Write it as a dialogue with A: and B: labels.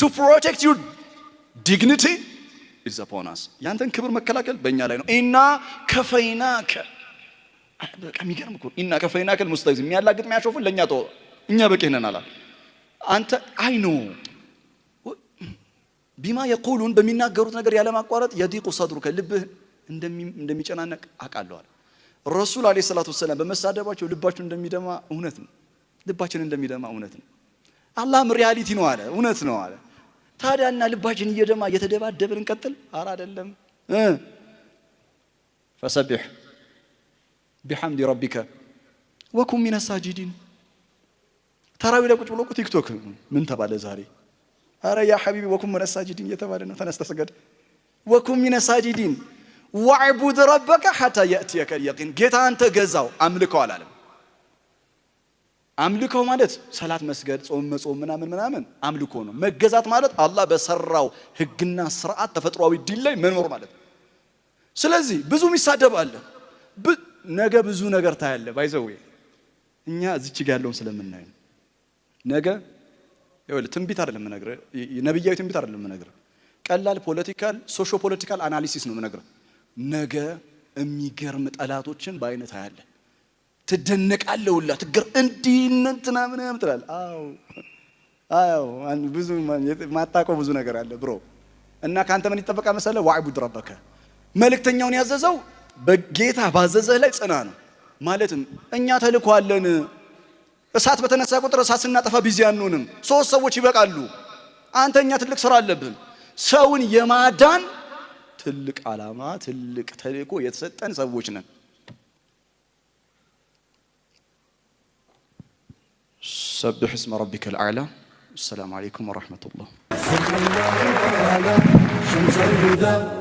A: ቱ ፕሮቴክት ዩር ዲግኒቲ ኢዝ አፖን አስ። ያንተን ክብር መከላከል በእኛ ላይ ነው። ኢና ከፈይናከ በቃ የሚገርም እኮ ኢና ከፈይናከ ሙስተግዚ የሚያላግጥ የሚያሾፍን ለእኛ ተወ፣ እኛ በቂ ነን አላል። አንተ አይ ኖ ቢማ የቁሉን በሚናገሩት ነገር ያለማቋረጥ የዲቁ ሰድሩከ ልብህ እንደሚጨናነቅ አውቃለዋል። ረሱል አለይሂ ሰላቱ ወሰላም በመሳደባቸው ልባችን እንደሚደማ እውነት ነው። ልባችን እንደሚደማ እውነት ነው። አላህም ሪያሊቲ ነው አለ፣ እውነት ነው አለ። ታዲያና ልባችን እየደማ እየተደባደብን እንቀጥል? አረ አይደለም። ፈሰቢሕ ቢሐምድ ረቢከ ወኩን ሚነ ሳጅዲን። ተራዊ ላይ ቁጭ ብሎ ቲክቶክ ምን ተባለ ዛሬ? አረ ያ ሐቢቢ ወኩን ሚነ ሳጅዲን እየተባለ ነው። ተነስ ተስገድ። ወኩን ሚነ ሳጅዲን ወዕቡድ ረበከ ሓታ የእትየከ ልየቂን። ጌታ አንተ ገዛው አምልከው አላለም አምልኮ ማለት ሰላት መስገድ፣ ጾም መጾም፣ ምናምን ምናምን አምልኮ ነው። መገዛት ማለት አላህ በሰራው ህግና ስርዓት ተፈጥሯዊ ዲል ላይ መኖር ማለት ነው። ስለዚህ ብዙም የሚሳደብ አለ። ነገ ብዙ ነገር ታያለ። ባይዘው እኛ እዚች ጋ ያለውን ስለምናየው ነገ ይኸውልህ፣ ትንቢት አይደለም የምነግርህ፣ ነብያዊ ትንቢት አይደለም የምነግርህ፣ ቀላል ፖለቲካል ሶሾ ፖለቲካል አናሊሲስ ነው የምነግርህ። ነገ የሚገርም ጠላቶችን በአይነት አያለ ትደነቃለህ ሁላ ትገር እንዲህ እንትና አዎ አዎ፣ ብዙ ማታውቀው ብዙ ነገር አለ ብሮ እና ከአንተ ምን ይጠበቃል መሰለህ? ዋዕቡድ ረበከ መልእክተኛውን ያዘዘው በጌታ ባዘዘህ ላይ ጽና ነው። ማለትም እኛ ተልእኮ አለን። እሳት በተነሳ ቁጥር እሳት ስናጠፋ ቢዚ አንሆንም። ሶስት ሰዎች ይበቃሉ። አንተ እኛ ትልቅ ስራ አለብን። ሰውን የማዳን ትልቅ ዓላማ፣ ትልቅ ተልእኮ የተሰጠን ሰዎች ነን። سبح اسم ربك الأعلى السلام عليكم ورحمة الله